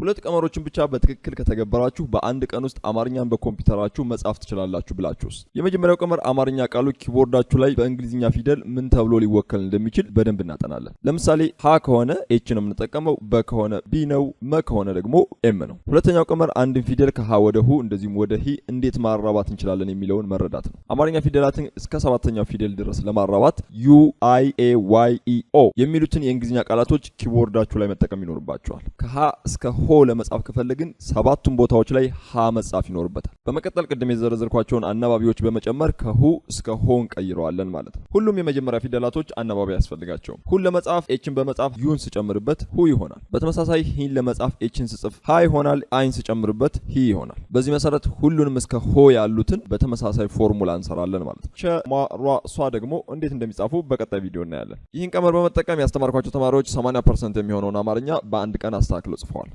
ሁለት ቀመሮችን ብቻ በትክክል ከተገበራችሁ በአንድ ቀን ውስጥ አማርኛን በኮምፒውተራችሁ መጻፍ ትችላላችሁ ብላችሁስ? የመጀመሪያው ቀመር አማርኛ ቃሉ ኪቦርዳችሁ ላይ በእንግሊዝኛ ፊደል ምን ተብሎ ሊወከል እንደሚችል በደንብ እናጠናለን። ለምሳሌ ሀ ከሆነ ኤች ነው የምንጠቀመው፣ በ ከሆነ ቢ ነው፣ መ ከሆነ ደግሞ ኤም ነው። ሁለተኛው ቀመር አንድን ፊደል ከሀ ወደ ሁ እንደዚሁም ወደ ሂ እንዴት ማራባት እንችላለን የሚለውን መረዳት ነው። አማርኛ ፊደላትን እስከ ሰባተኛው ፊደል ድረስ ለማራባት ዩ አይ ኤ ዋይ ኢ ኦ የሚሉትን የእንግሊዝኛ ቃላቶች ኪቦርዳችሁ ላይ መጠቀም ይኖርባቸዋል። ከሀ እስከ ሆ ለመጻፍ ከፈለግን ሰባቱም ቦታዎች ላይ ሀ መጻፍ ይኖርበታል። በመቀጠል ቅድም የዘረዘርኳቸውን አናባቢዎች በመጨመር ከሁ እስከ ሆን ቀይረዋለን ማለት ነው። ሁሉም የመጀመሪያ ፊደላቶች አናባቢ አያስፈልጋቸውም። ሁን ለመጻፍ ኤችን በመጻፍ ዩን ስጨምርበት ሁ ይሆናል። በተመሳሳይ ሂን ለመጻፍ ኤችን ስጽፍ ሀ ይሆናል። አይን ስጨምርበት ሂ ይሆናል። በዚህ መሰረት ሁሉንም እስከ ሆ ያሉትን በተመሳሳይ ፎርሙላ እንሰራለን ማለት ነው። ሸ ሟ ሯ ሷ ደግሞ እንዴት እንደሚጻፉ በቀጣይ ቪዲዮ እናያለን። ይህን ቀመር በመጠቀም ያስተማርኳቸው ተማሪዎች 80 ፐርሰንት የሚሆነውን አማርኛ በአንድ ቀን አስተካክለው ጽፈዋል።